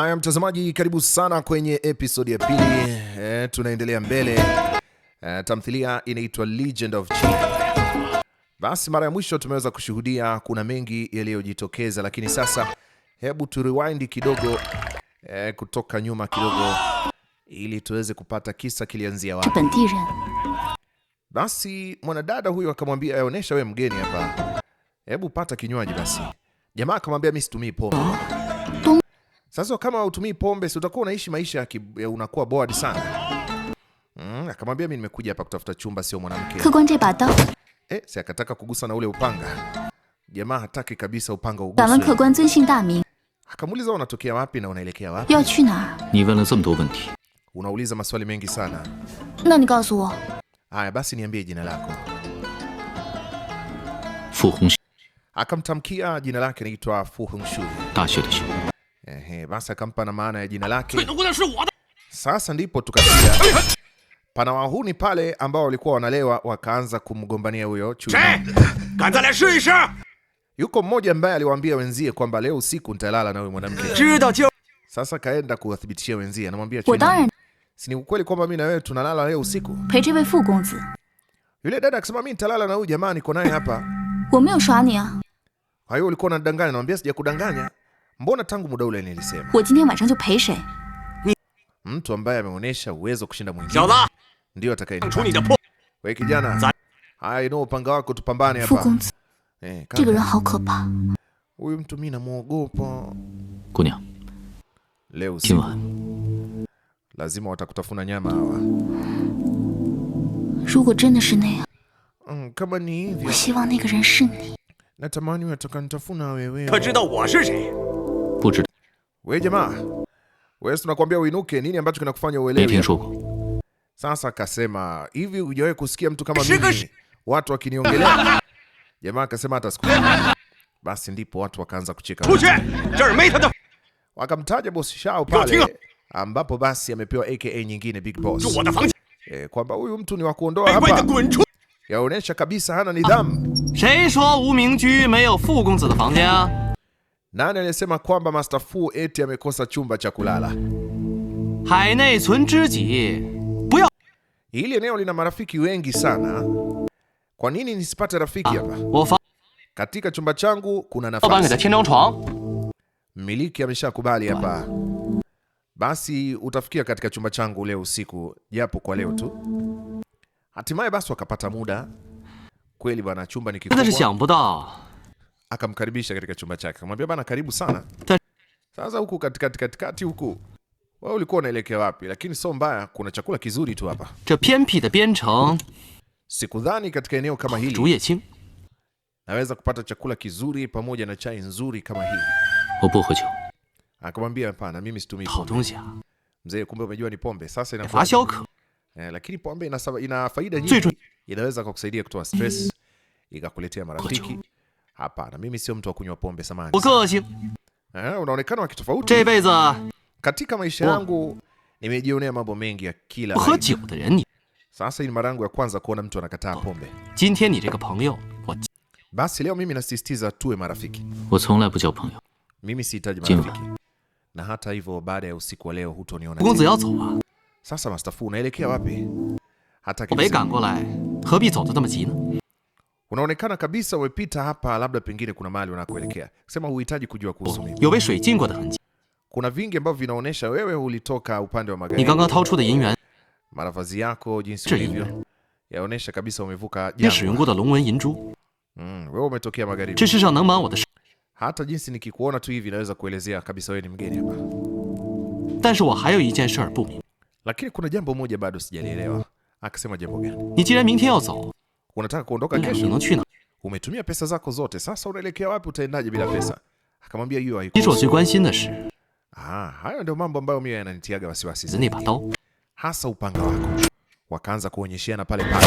Haya mtazamaji, karibu sana kwenye episodi ya pili. E, tunaendelea mbele. E, tamthilia inaitwa Legend of Chi. Basi mara ya mwisho tumeweza kushuhudia kuna mengi yaliyojitokeza, lakini sasa hebu tu rewind kidogo, e, kutoka nyuma kidogo ili tuweze kupata kisa kilianzia wapi. Basi mwanadada huyo akamwambia, aonesha we mgeni hapa, hebu pata kinywaji. Basi jamaa akamwambia, mimi situmii pombe sasa kama utumii pombe, si utakuwa unaishi maisha ya unakuwa bored sana. Mm, akamwambia mimi nimekuja hapa kutafuta chumba, sio mwanamke. Eh, si akataka kugusa na ule upanga. Jamaa hataki kabisa upanga uguswe. Akamuuliza unatokea wapi na unaelekea wapi? Unauliza maswali mengi sana. Haya basi niambie jina lako. Fu Akamtamkia jina lake, naitwa Fu Hongxue. Ehe, basi akampa na maana ya jina lake. Sasa ndipo tukasikia pana wahuni pale ambao walikuwa wanalewa, wakaanza kumgombania huyo chui. Yuko mmoja ambaye aliwaambia wenzie kwamba leo usiku nitalala na huyo mwanamke. Sasa kaenda kuwathibitishia wenzie, anamwambia chui, si ni ukweli kwamba mimi na wewe tunalala leo usiku? Yule dada akasema mimi nitalala na huyu jamaa niko naye hapa. Kwa hiyo ulikuwa unadanganya? Namwambia sijakudanganya. Mbona tangu muda ule nilisema mtu ambaye ameonyesha uwezo kushinda mwingine ndio atakaye. Wewe kijana, haya ino upanga wako, tupambane hapa. Eh, huyu mtu mimi namuogopa. Leo usiku lazima watakutafuna nyama hawa. Mm, kama ni hivyo natamani watakanitafuna wewe. wa shi shi. 不知道。We jamaa, wewe tunakwambia uinuke, kasema hivi, hujawahi kusikia mtu kama mimi watu wakiniongelea? Jamaa akasema hata siku. Basi ndipo watu wakaanza kucheka. Wakamtaja bosi Shao pale ambapo basi amepewa AKA nyingine Big Boss. Eh, kwamba huyu mtu ni wa kuondoa hapa. Yaonesha kabisa hana nidhamu. Nani alisema kwamba Master Fu eti amekosa chumba cha kulala? Hili eneo lina marafiki wengi sana, kwa nini nisipate rafiki ah, hapa? Katika chumba changu kuna nafasi. Mmiliki ameshakubali hapa, basi utafikia katika chumba changu leo usiku, japo kwa leo tu. Hatimaye basi wakapata muda kweli bwana, chumba ni kikubwa akamkaribisha katika chumba chake, akamwambia bana, karibu sana. Sasa huku katikati katikati huku wewe ulikuwa unaelekea wapi? Lakini sio mbaya, kuna chakula kizuri tu hapa. Sikudhani katika eneo kama hili naweza kupata chakula kizuri pamoja na chai nzuri kama hii. Akamwambia hapana, mimi situmii pombe. Mzee, kumbe umejua ni pombe. Sasa inakuwa eh, lakini pombe ina faida nyingi, inaweza kukusaidia kutoa stress, ikakuletea marafiki Hapana, mimi sio mtu wa kunywa pombe samani. Eh, unaonekana wa kitofauti. Katika maisha oh. yangu nimejionea mambo mengi ya kila aina. Sasa ni mara yangu ya kwanza kuona mtu anakataa oh. pombe. Basi leo mimi nasisitiza tuwe marafiki. Mimi sihitaji marafiki. Na hata hivyo baada ya usiku wa leo hutoniona. Sasa Master Fu unaelekea wapi? Hata kama unaonekana kabisa umepita hapa, labda pengine kuna mahali unakoelekea. Sema huhitaji kujua kuhusu mimi. Oh, kuna vingi ambavyo vinaonyesha wewe ulitoka upande wa magharibi. Maravazi yako jinsi ulivyo yaonyesha kabisa umevuka jangwa. Mm, wewe umetokea magharibi. Hata jinsi nikikuona tu hivi naweza kuelezea kabisa wewe ni mgeni hapa. Lakini kuna jambo moja bado sijalielewa. Akasema jambo gani? Ni jira yao zao unataka kuondoka kesho, umetumia pesa zako zote, sasa unaelekea wapi? Utaendaje bila pesa? Akamwambia hiyo haikuhusu. Ah, hayo ndio mambo ambayo mimi yananitiaga wasiwasi hasa, upanga wako. Wakaanza kuonyeshiana pale pale.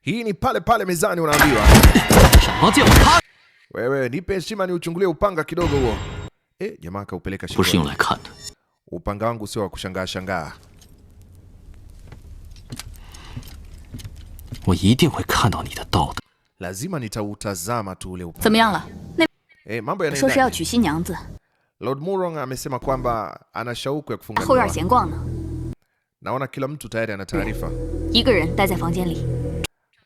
Hii ni pale pale mezani unaambiwa. Wewe nipe heshima ni uchungulie upanga kidogo huo. Eh, jamaa kaupeleka shingoni. Upanga wangu sio wa kushangaa shangaa. Lazima nitautazama tu ule upanga. Eh, mambo yanaenda. Lord Murong amesema kwamba ana shauku ya kufunga ndoa. Naona kila mtu tayari ana taarifa.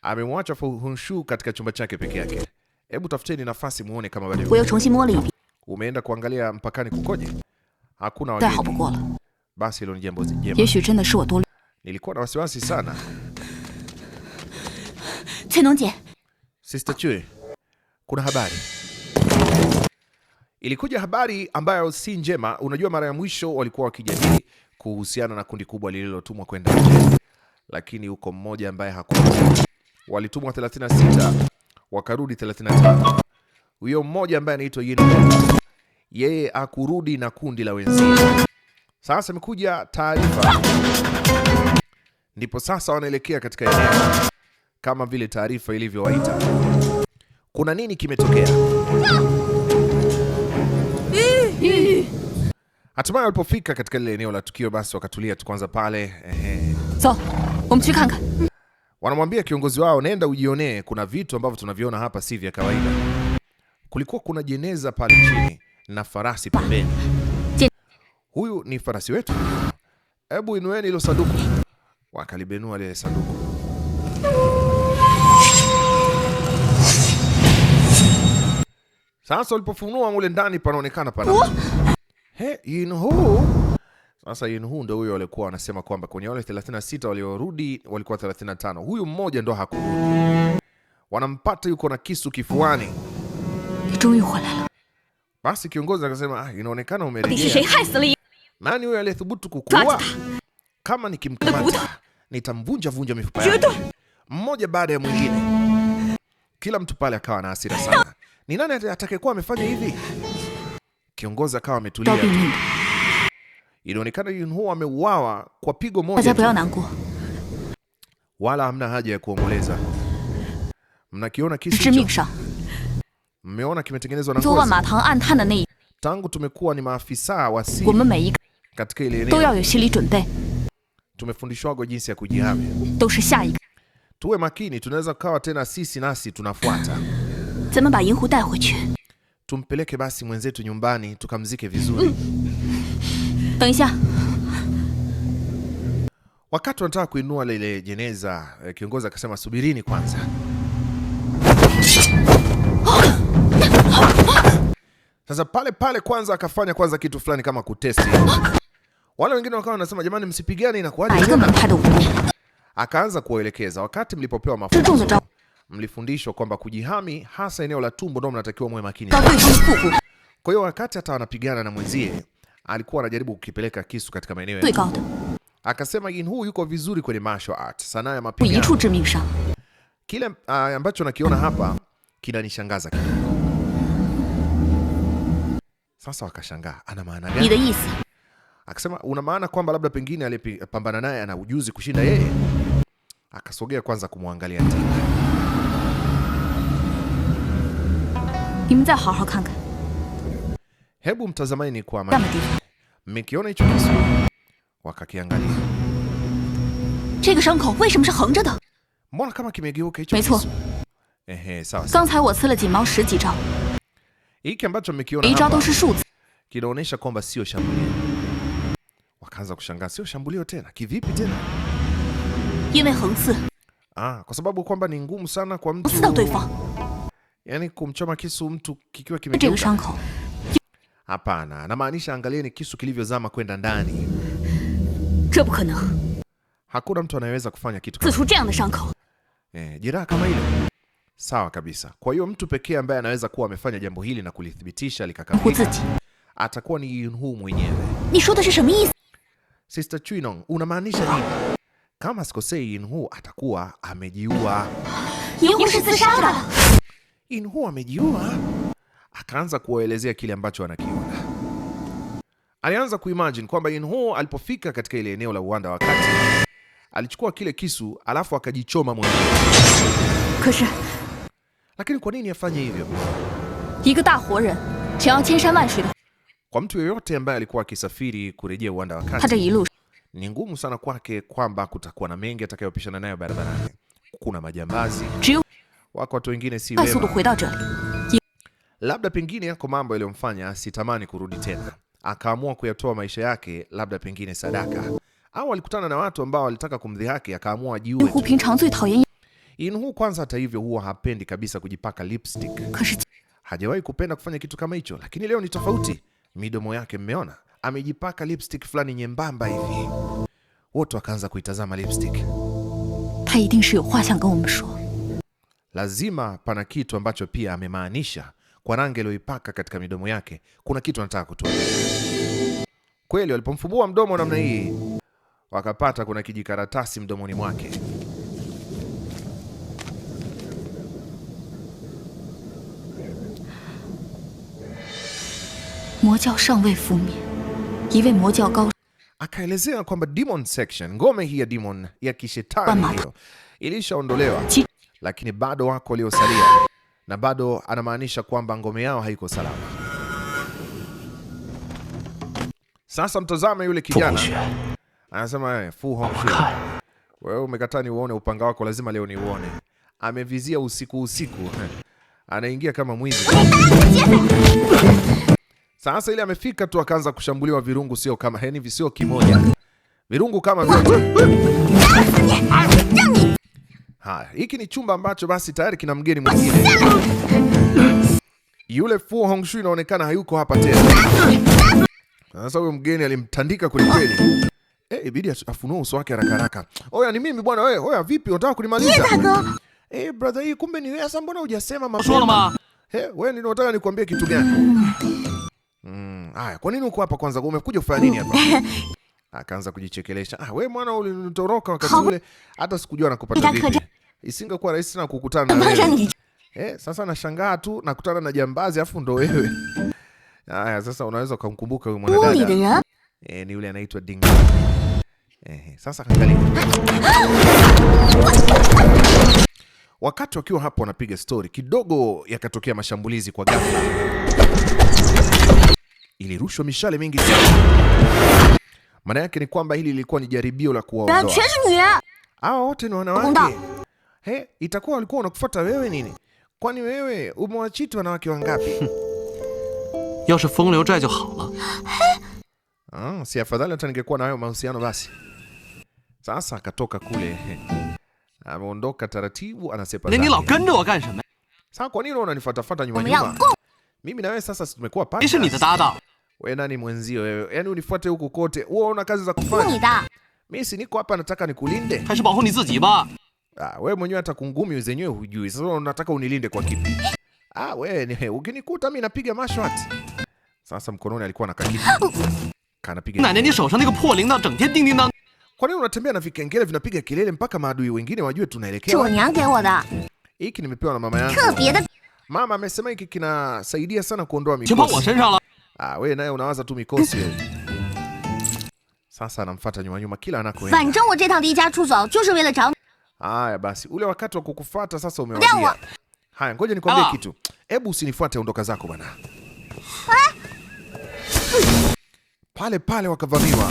Amemwacha Fu Hongxue katika chumba chake peke yake. Hebu tafuteni nafasi muone kama bado. Umeenda kuangalia mpakani kukoje? hakuna wageni. Basi hilo ni jambo jema. Nilikuwa na wasiwasi sana. Sister Chui, kuna habari. Ilikuja habari ambayo si njema. Unajua, mara ya mwisho walikuwa wakijadili kuhusiana na kundi kubwa lililotumwa kwenda nje, lakini huko mmoja ambaye hakuwa, walitumwa 36 wakarudi 35. Huyo mmoja ambaye anaitwa Yin yeye akurudi na kundi la wenzake. Sasa imekuja taarifa, ndipo sasa wanaelekea katika eneo kama vile taarifa ilivyowaita. Kuna nini kimetokea? Hatimaye walipofika katika lile eneo la tukio, basi wakatulia tu kwanza pale. Ehe, so umchikanga wanamwambia kiongozi wao, nenda ujionee, kuna vitu ambavyo tunaviona hapa si vya kawaida. Kulikuwa kuna jeneza pale chini na farasi pembeni. Huyu ni farasi wetu, hebu inueni hilo sanduku. Wakalibenua lile sanduku. Sasa ulipofunua mule ndani panaonekana pana. He, yin huu. Sasa yin huu ndio huyo alikuwa anasema kwamba kwenye wale 36 waliorudi walikuwa 35. Huyu mmoja ndo hakurudi. Wanampata yuko na kisu kifuani. Basi kiongozi akasema, ah, inaonekana umerejea. Nani huyo aliyethubutu kukua? Kama nikimkamata nitamvunja vunja mifupa yake, mmoja baada ya mwingine. Kila mtu pale akawa na hasira sana. Ni nani atakayekuwa amefanya hivi? Kiongozi akawa ametulia. Inaonekana Yunho ameuawa kwa pigo moja Wala hamna haja ya kuomboleza. Mnakiona kisa Mmeona kimetengenezwa na ngozi. Tangu tumekuwa ni maafisa wa siri katika ile eneo, tumefundishwago jinsi ya kujihamia. Tuwe makini, tunaweza kukawa tena sisi nasi tunafuata. Tumpeleke basi mwenzetu nyumbani tukamzike vizuri. Wakati wanataka kuinua lile jeneza, eh, kiongozi akasema subirini kwanza. Sasa pale pale kwanza akafanya kwanza kitu fulani kama kutesti. Wale wengine wakawa wanasema jamani, msipigane inakuwaje Akaanza kuwaelekeza wakati mlipopewa mafunzo mlifundishwa kwamba kujihami hasa eneo la tumbo ndio mnatakiwa muwe makini. Kwa hiyo wakati hata anapigana na mwenzie alikuwa anajaribu kukipeleka kisu katika maeneo ya akasema, Yin Hu yuko vizuri kwenye martial art, sanaa ya mapigano. Kile uh, ambacho nakiona hapa kinanishangaza kidogo sasa wakashangaa ana maana gani? Ni de Akasema una maana kwamba labda pengine aliyepambana naye ana ujuzi kushinda yeye. Akasogea kwanza kumwangalia tena. Hebu mtazamani ni kwa maana. Mmekiona hicho kisu, wakakiangalia. Mbona kama kimegeuka hicho kisu? Ehe, sawa. Hiki ambacho mmekiona hapa kinaonyesha kwamba sio shambulio. Wakaanza kushangaa, sio shambulio tena, kivipi tena? Ah, kwa sababu kwamba ni ngumu sana kwa mtu yani kumchoma kisu mtu kikiwa kimegeuka. Hapana, anamaanisha angalieni kisu kilivyozama kwenda ndani. Hakuna mtu anayeweza kufanya kitu kama. hicho. Eh, jeraha kama hilo. Sawa kabisa. Kwa hiyo mtu pekee ambaye anaweza kuwa amefanya jambo hili na kulithibitisha likakamilika atakuwa ni Yunhu mwenyewe. Sister Chuinong, unamaanisha nini? Kama sikosei, Yunhu atakuwa amejiua. Yunhu amejiua, akaanza kuwaelezea kile ambacho anakiona. Alianza kuimagine kwamba Yunhu alipofika katika ile eneo la uwanda wa kati alichukua kile kisu alafu akajichoma mwenyewe. Lakini kwa nini afanye hivyo? Kwa mtu yeyote ambaye alikuwa akisafiri kurejea uwanda wa kati, ni ngumu sana kwake kwamba kutakuwa na mengi atakayopishana nayo barabarani. Kuna majambazi, wako watu wengine si wema. Labda pengine yako mambo yaliyomfanya asitamani kurudi tena, akaamua kuyatoa maisha yake labda pengine sadaka, au alikutana na watu ambao walitaka kumdhihaki, akaamua ajiue. Inhu kwanza, hata hivyo, huwa hapendi kabisa kujipaka lipstick. Hajawahi kupenda kufanya kitu kama hicho, lakini leo ni tofauti. Midomo yake mmeona, amejipaka lipstick fulani nyembamba hivi. Wote wakaanza kuitazama lipstick. Lazima pana kitu ambacho pia amemaanisha kwa rangi aliyoipaka katika midomo yake. Kuna kitu anataka kutoa kweli. Walipomfubua mdomo namna hii, wakapata kuna kijikaratasi mdomoni mwake. akaelezea kwamba demon section, ngome hii ya demon ya kishetani hiyo ilishaondolewa, lakini bado wako waliosalia, na bado anamaanisha kwamba ngome yao haiko salama. Sasa mtazame yule kijana anasema, eh, wewe umekataa niuone upanga wako, lazima leo niuone. Amevizia usiku usiku, anaingia kama mwizi sasa ile amefika tu akaanza kushambuliwa virungu, sio kama yani visio kimoja, virungu kama vile. Haya, hiki ni chumba ambacho basi tayari kina mgeni mwingine. Yule Fu Hongxue inaonekana hayuko hapa tena. Sasa huyo mgeni alimtandika kwelikweli. Eh, ibidi afunue uso wake haraka haraka. Oya, ni mimi bwana wewe. Oya, vipi unataka kunimaliza? Eh, brother hii kumbe ni wewe. Sasa mbona hujasema mapema? Eh, wewe ndio unataka nikwambie kitu gani? Mm, kwa nini uko hapa kwanza? Umekuja kufanya nini hapa? Akaanza kujichekelesha. Ah, wewe mwana ulinitoroka wakati ule, hata sikujua nakupata vipi. Isingekuwa rahisi sana kukutana na wewe. Eh, sasa nashangaa tu nakutana na jambazi afu ndo wewe. Haya, sasa unaweza ukamkumbuka huyu mwanadada. Eh, ni yule anaitwa Ding. Eh, sasa angalia. Wakati wakiwa hapo wanapiga story, kidogo yakatokea mashambulizi kwa ghafla ilirushwa mishale mingi sana. Maana yake ni kwamba hili lilikuwa ni jaribio la kuwaondoa hawa wote. Ni wanawake he, itakuwa walikuwa wanakufuata wewe nini? Kwani wewe umewachiti wanawake wangapi? yao feng zai jiu hao la, si afadhali hata ningekuwa na hayo mahusiano basi. Sasa akatoka kule, ameondoka taratibu, anasepa. Sasa kwa nini unanifuatafuata nyuma nyuma? Mimi na wewe sasa tumekuwa partners. Mimi ni dada. Wewe nani mwenzio wewe? Yaani unifuate huku kote. Wewe una kazi za kufanya. Mimi si niko hapa nataka nikulinde. bahu ni zizi ba. Ah, wewe mwenyewe hata kungumi zenyewe hujui. Sasa unataka unilinde kwa kipi? Ah, wewe ni ukinikuta mimi napiga mashot. Sasa mkononi alikuwa na kakiti. Kanapiga. Nani ni shosha niko po lingdao zheng tian ding ding na. Kwa nini unatembea na vikengele vinapiga kelele mpaka maadui wengine wajue tunaelekea? Hiki nimepewa na mama yangu. Mama amesema hiki kinasaidia sana kuondoa mikosi. Ah, wewe naye unawaza tu mikosi wewe. Sasa anamfuata nyuma nyuma kila anakoenda. Haya basi, ule wakati wa kukufuata sasa umewadia. Haya, ngoja nikwambie kitu. Hebu usinifuate, ondoka zako bwana. Pale pale wakavamiwa.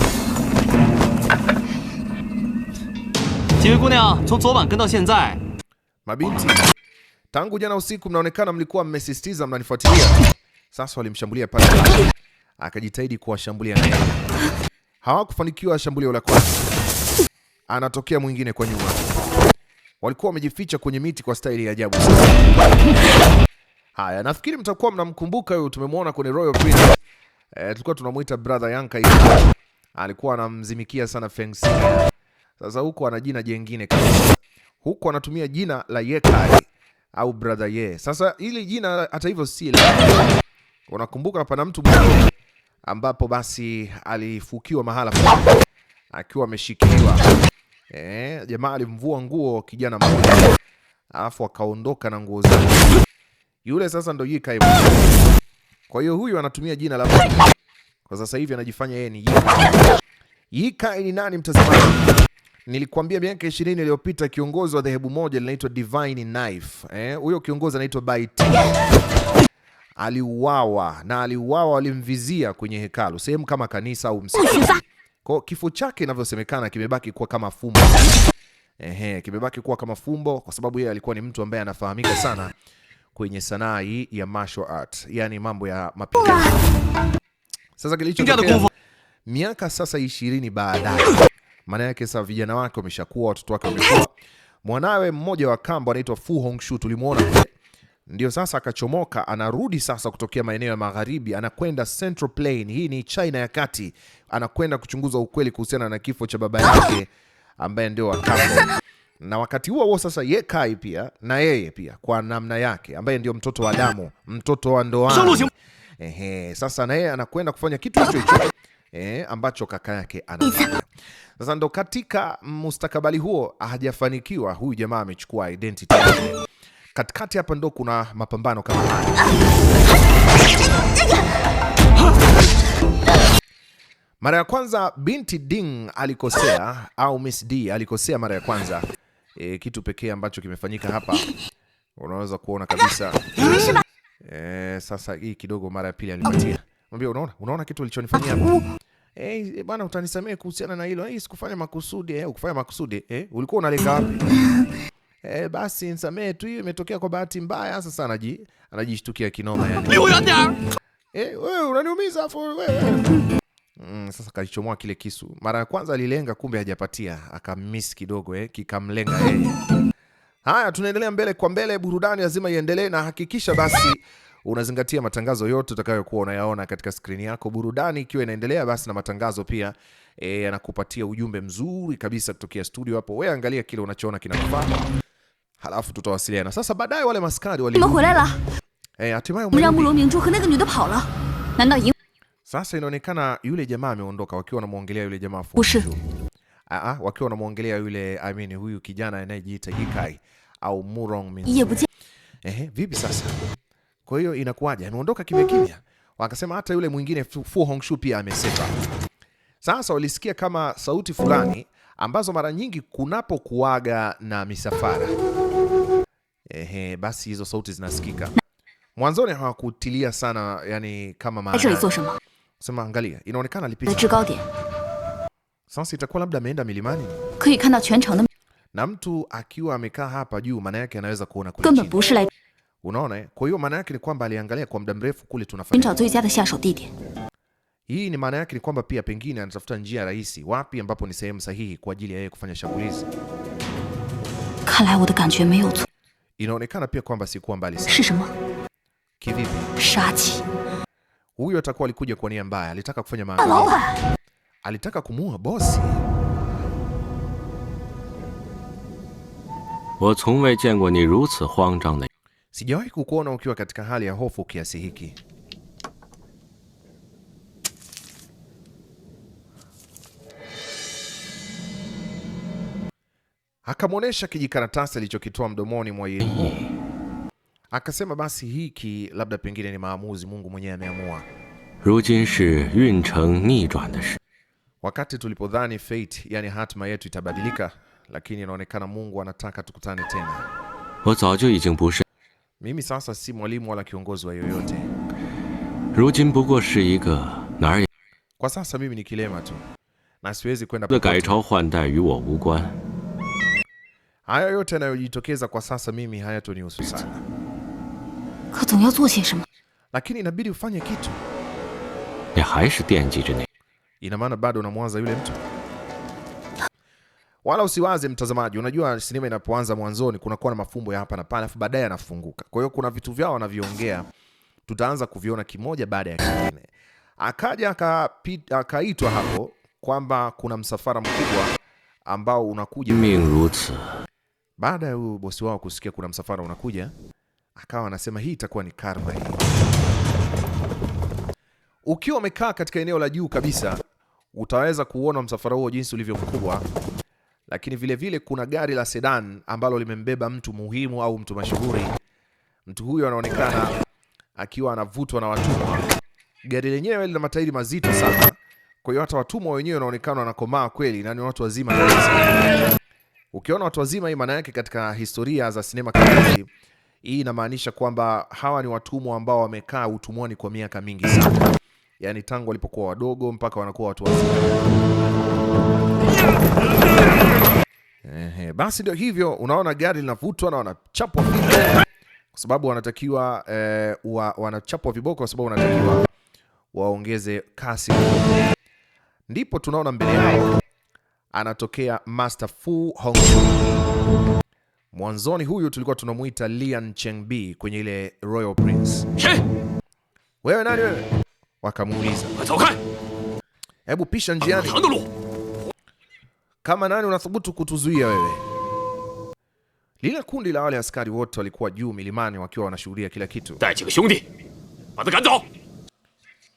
Mabinti Tangu jana usiku mnaonekana mlikuwa mmesisitiza mnanifuatilia. Sasa walimshambulia pale. Akajitahidi kuwashambulia naye, Hawakufanikiwa shambulio la kwanza. Anatokea mwingine kwa nyuma. Walikuwa wamejificha kwenye miti kwa staili ya ajabu. Haya, nafikiri mtakuwa mnamkumbuka huyu, tumemwona kwenye Royal Prince. Eh, tulikuwa tunamuita brother Yanka hivi. Alikuwa anamzimikia sana Feng Sing. Sasa huko ana jina jengine kabisa. Huko anatumia jina la Ye Kai au brother ye. Sasa hili jina hata hivyo si la unakumbuka, pana mtu mwingine ambapo basi alifukiwa mahala akiwa ameshikiliwa eh, jamaa alimvua nguo kijana mmoja, alafu akaondoka na nguo zake. Yule sasa ndo Ye Kai. Kwa hiyo huyu anatumia jina la kwa sasa hivi anajifanya yeye ni Ye Kai. Ye Kai ni nani mtazamaji? Nilikuambia miaka ishirini iliyopita kiongozi wa dhehebu moja linaitwa Divine Knife. Eh, huyo kiongozi anaitwa Baiti. Aliuawa na aliuawa walimvizia kwenye hekalu, sehemu kama kanisa au msikiti. Kwa kifo chake inavyosemekana kimebaki kuwa kama fumbo. Ehe, kimebaki kuwa kama fumbo kwa sababu yeye alikuwa ni mtu ambaye anafahamika sana kwenye sanaa hii ya martial art, yani mambo ya mapigano. Sasa kilichotokea miaka sasa ishirini baadaye maana yake sasa vijana wake wameshakuwa, watoto wake wamekuwa. Mwanawe mmoja wa kambo anaitwa Fu Hongxue tulimuona ndio sasa akachomoka, anarudi sasa kutokea maeneo ya magharibi, anakwenda Central Plain, hii ni China ya kati, anakwenda kuchunguza ukweli kuhusiana na kifo cha baba yake ambaye ndio wa kambo. Na wakati huo huo sasa Ye Kai pia na yeye pia kwa namna yake, ambaye ndio mtoto wa damu, mtoto wa ndoa. Ehe, sasa na yeye anakwenda kufanya kitu hicho hicho eh, ambacho kaka yake anafanya. Sasa ndo katika mustakabali huo hajafanikiwa, huyu jamaa amechukua identity katikati hapa, ndo kuna mapambano kama mara ya kwanza binti Ding alikosea au Miss D alikosea mara ya kwanza. E, kitu pekee ambacho kimefanyika hapa unaweza kuona kabisa e, sasa hii kidogo mara ya pili alipatia. Mwambie unaona, unaona kitu alichonifanyia eh, eh bwana utanisamehe kuhusiana na hilo eh, sikufanya makusudi eh, ukufanya makusudi eh, ulikuwa unalenga wapi? Eh, basi nisamehe tu, hiyo imetokea kwa bahati mbaya. Sasa anaji anajishtukia kinoma yani. Eh, wewe unaniumiza afu wewe. Mm, sasa kalichomoa kile kisu. Mara ya kwanza alilenga, kumbe hajapatia, akamiss kidogo eh, kikamlenga yeye. Haya, tunaendelea mbele kwa mbele, burudani lazima iendelee na hakikisha basi unazingatia matangazo yote utakayokuwa unayaona katika skrini yako. Burudani ikiwa inaendelea, basi na matangazo pia e, yanakupatia e, ujumbe mzuri kabisa kutokea studio hapo. Wewe angalia kile unachoona kinakufaa, halafu tutawasiliana sasa baadaye. Wale maskari wale sasa inaonekana yule jamaa ameondoka, wakiwa wanamwongelea yule jamaa Aa, wakiwa wanamwongelea yule I mean, huyu kijana anayejiita Ikai au Murong. Ehe, vipi sasa? Kwa hiyo inakuwaje? Anaondoka kimya mhm. kimya. Wakasema hata yule mwingine Fu Hongxue pia amesema. Sasa walisikia kama sauti fulani ambazo mara nyingi kunapokuaga na misafara. Ehe, basi hizo sauti zinasikika. Mwanzoni hawakutilia sana yani kama maana. Sema angalia, inaonekana alipita. Sasa itakuwa labda ameenda milimani. Na mtu akiwa amekaa hapa juu maana yake anaweza kuona kule chini. Unaona eh? Kwa hiyo maana yake ni kwamba aliangalia kwa muda mrefu kule tunafanya. Hii ni maana yake ni kwamba pia pengine anatafuta njia rahisi wapi ambapo ni sehemu sahihi kwa ajili ya yeye kufanya shambulizi. Inaonekana pia kwamba sikuwa mbali sana. Kivipi? Shati. Huyu atakuwa alikuja kwa nia mbaya, alitaka kufanya maangamizi. Alitaka kumuua bosi. Wo chongwei jian ni ruci huangzhang de Sijawahi kukuona ukiwa katika hali ya hofu kiasi hiki. Akamwonyesha kijikaratasi alichokitoa mdomoni mwa Yeye. Akasema basi hiki labda pengine ni maamuzi Mungu mwenyewe ameamua. Rujin shi yuncheng nizhuan de shi. Wakati tulipodhani fate, yani hatima yetu itabadilika, lakini inaonekana Mungu anataka tukutane tena. Wo zao mimi sasa si mwalimu wala kiongozi wa yoyote. Kwa sasa mimi ni kilema tu na siwezi kwenda. Haya yote yanayojitokeza kwa sasa mimi hayatonihusu sana, lakini inabidi ufanye kitu. Ina maana bado unamwaza yule mtu wala usiwaze mtazamaji. Unajua sinema inapoanza mwanzoni kunakuwa na mafumbo ya hapa na pale, afu baadaye anafunguka. Kwa hiyo kuna vitu vyao wanavyoongea, tutaanza kuviona kimoja baada ya kingine. Akaja akaitwa hapo kwamba kuna msafara mkubwa ambao unakuja. Baada ya huyo bosi wao kusikia kuna msafara unakuja, akawa anasema hii itakuwa ni karma hii. Ukiwa umekaa katika eneo la juu kabisa, utaweza kuona msafara huo jinsi ulivyo mkubwa lakini vile vile kuna gari la sedan ambalo limembeba mtu muhimu au mtu mashuhuri. Mtu huyo anaonekana akiwa anavutwa na watumwa. Gari lenyewe lina matairi mazito sana, kwa hiyo hata watumwa wenyewe wanaonekana wanakomaa kweli na ni watu wazima kabisa. Ukiona watu wazima, hii maana yake katika historia za sinema kali, hii inamaanisha kwamba hawa ni watumwa ambao wamekaa utumwani kwa miaka mingi sana, yaani tangu walipokuwa wadogo mpaka wanakuwa watu wazima. Basi ndio hivyo, unaona gari linavutwa na wanachapwa kwa sababu wanatakiwa eh, wa, wanachapwa viboko kwa sababu wanatakiwa waongeze kasi. Ndipo tunaona mbele yao anatokea Master Fu Hongxue. Mwanzoni huyu tulikuwa tunamuita Lian Chengbi kwenye ile Royal Prince. Wewe nani wewe? Wakamuuliza. Hebu pisha njiani. Kama nani unathubutu kutuzuia wewe? Lile kundi la wale askari wote walikuwa juu milimani wakiwa wanashuhudia kila kitu.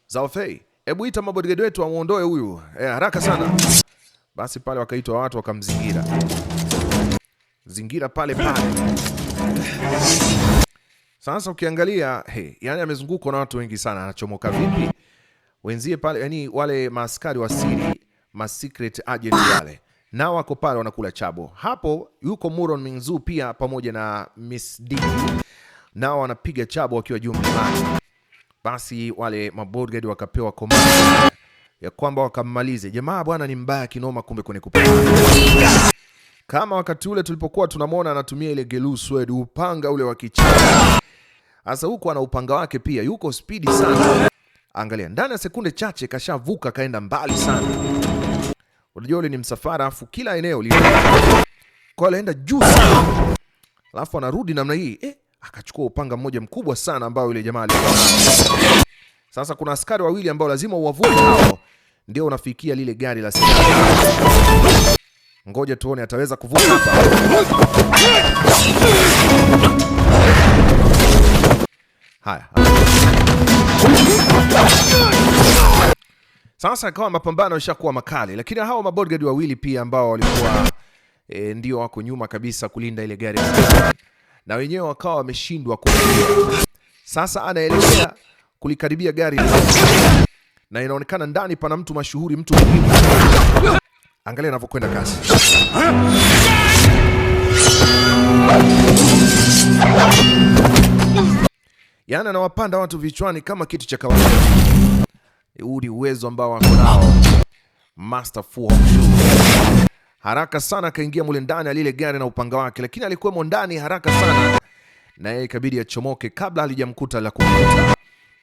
Zaofei, hebu ita mabodigadi wetu amuondoe huyu e, haraka sana. Basi pale wakaitwa watu wakamzingira zingira pale pale. Sasa ukiangalia hey, yani amezungukwa na watu wengi sana, anachomoka vipi? Wenzie pale, yani wale maaskari wa siri ma secret agent wale na wako pale wanakula chabo. Hapo yuko Muron Minzu pia pamoja na Miss D, nao wanapiga chabo wakiwa juu mlimani. Basi wale mabodyguard wakapewa komando ya kwamba wakammalize jamaa. Bwana ni mbaya kinoma, kumbe kwenye kupanga kama wakati ule tulipokuwa tunamwona anatumia ile gelu swed, upanga ule wa kichaa. Sasa huko ana upanga wake pia, yuko spidi sana. Angalia, ndani ya sekunde chache kashavuka kaenda mbali sana. Unajua ule ni msafara, afu kila eneo lile kwa alienda juu sana, alafu anarudi namna hii eh, akachukua upanga mmoja mkubwa sana ambao yule jamaa alikuwa. Sasa kuna askari wawili ambao lazima uwavue hao, ndio unafikia lile gari la askari. Ngoja tuone ataweza kuvuka hapa. Haya, haya. Sasa akawa mapambano yashakuwa makali, lakini hawa mabodyguard wawili pia ambao walikuwa e, ndio wako nyuma kabisa kulinda ile gari na wenyewe wakawa wameshindwa. Sasa anaelekea kulikaribia gari na inaonekana ndani pana mtu mashuhuri, mtu muhimu. Angalia anavyokwenda kasi. Yaani anawapanda watu vichwani kama kitu cha kawaida. Eh, huu ni uwezo ambao wako nao Master Fu haraka sana akaingia mule ndani ya lile gari na upanga wake, lakini alikuwemo ndani haraka sana, na yeye ikabidi achomoke kabla halijamkuta la kumkuta,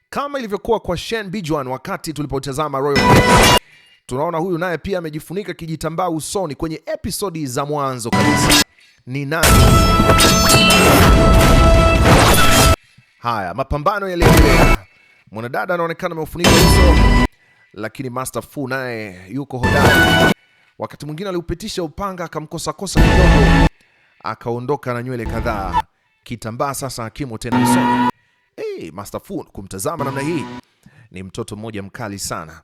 kama ilivyokuwa kwa Shen Bijuan wakati tulipotazama Royal. Tunaona huyu naye pia amejifunika kijitambaa usoni kwenye episodi za mwanzo kabisa. Ni nani? Haya mapambano yaliendelea. Mwanadada anaonekana ameufunika uso, lakini Master Fu naye yuko hodari. Wakati mwingine aliupitisha upanga akamkosakosa kidogo, akaondoka na nywele kadhaa. Kitambaa sasa akimo tena usoni. Hey, eh, Master Fu kumtazama namna hii ni mtoto mmoja mkali sana,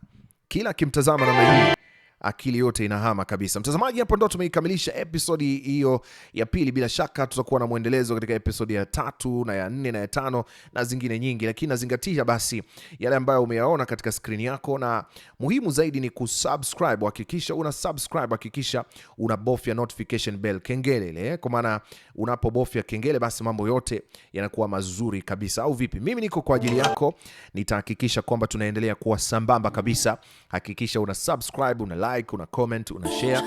kila akimtazama namna hii akili yote inahama kabisa. Mtazamaji, hapo ndo tumeikamilisha episodi hiyo ya pili. Bila shaka tutakuwa na mwendelezo katika episodi ya tatu na ya nne na ya tano na zingine nyingi, lakini nazingatia basi yale ambayo umeyaona katika skrini yako, na muhimu zaidi ni kusubscribe. Hakikisha una subscribe, hakikisha unabofya notification bell, kengele ile, kwa maana unapobofya kengele, basi mambo yote yanakuwa mazuri kabisa, au vipi? Mimi niko kwa ajili yako, nitahakikisha kwamba tunaendelea kuwa sambamba kabisa. Hakikisha una subscribe, una like like, una comment, una share.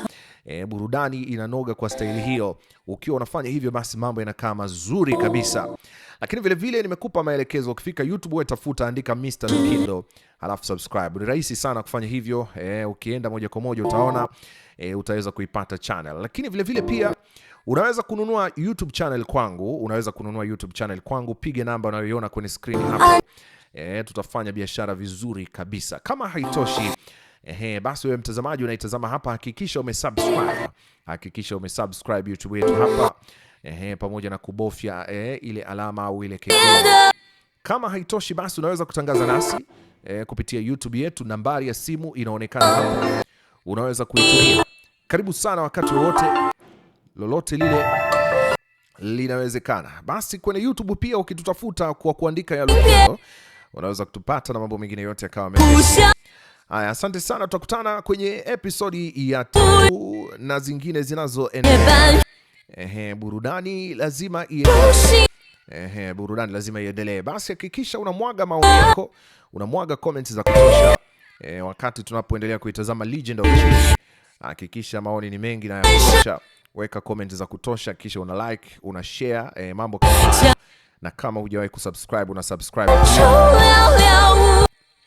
E, burudani inanoga kwa staili hiyo. Ukiwa unafanya hivyo, basi mambo yanakaa mazuri kabisa. Lakini vile vile nimekupa maelekezo, ukifika YouTube wewe tafuta, andika Mr Lukindo alafu subscribe. Ni rahisi sana kufanya hivyo e, ukienda moja kwa moja utaona e, utaweza kuipata channel. Lakini vile vile pia unaweza kununua YouTube channel kwangu, unaweza kununua YouTube channel kwangu, piga namba unayoiona kwenye screen hapo. E, tutafanya biashara vizuri kabisa. Kama haitoshi Ehe, basi wewe mtazamaji unaitazama hapa, hakikisha umesubscribe, hakikisha umesubscribe YouTube yetu hapa ehe, pamoja na kubofya ehe, ile alama au ile kengele. Kama haitoshi, basi unaweza kutangaza nasi ehe, kupitia YouTube yetu, nambari ya simu inaonekana hapo, unaweza kuitumia. Karibu sana, wakati wowote, lolote lile linawezekana. Basi kwenye YouTube pia ukitutafuta kwa kuandika yalo, unaweza kutupata na mambo mengine yote yakawa mengi. Haya, asante sana, tutakutana kwenye episodi ya tatu na zingine zinazoendelea. Ehe, burudani lazima iendelee. Ehe, burudani lazima iendelee. Basi hakikisha unamwaga maoni yako, unamwaga comments za kutosha. Eh, wakati tunapoendelea kuitazama Legend of Chi, hakikisha maoni ni mengi na ya kutosha. Weka comment za kutosha, kisha una like, una share, e, mambo kama na kama hujawahi kusubscribe una subscribe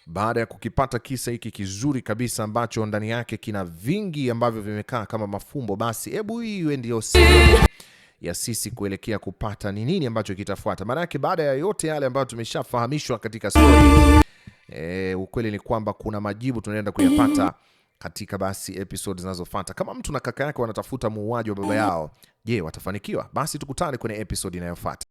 baada ya kukipata kisa hiki kizuri kabisa ambacho ndani yake kina vingi ambavyo vimekaa kama mafumbo, basi hebu hii iwe ndio ya sisi kuelekea kupata ni nini ambacho kitafuata. Maana yake baada ya yote yale ambayo tumeshafahamishwa katika story, e, ukweli ni kwamba kuna majibu tunaenda kuyapata katika basi episode zinazofuata. Kama mtu na kaka yake wanatafuta muuaji wa baba yao, je, watafanikiwa? Basi tukutane kwenye episode inayofuata.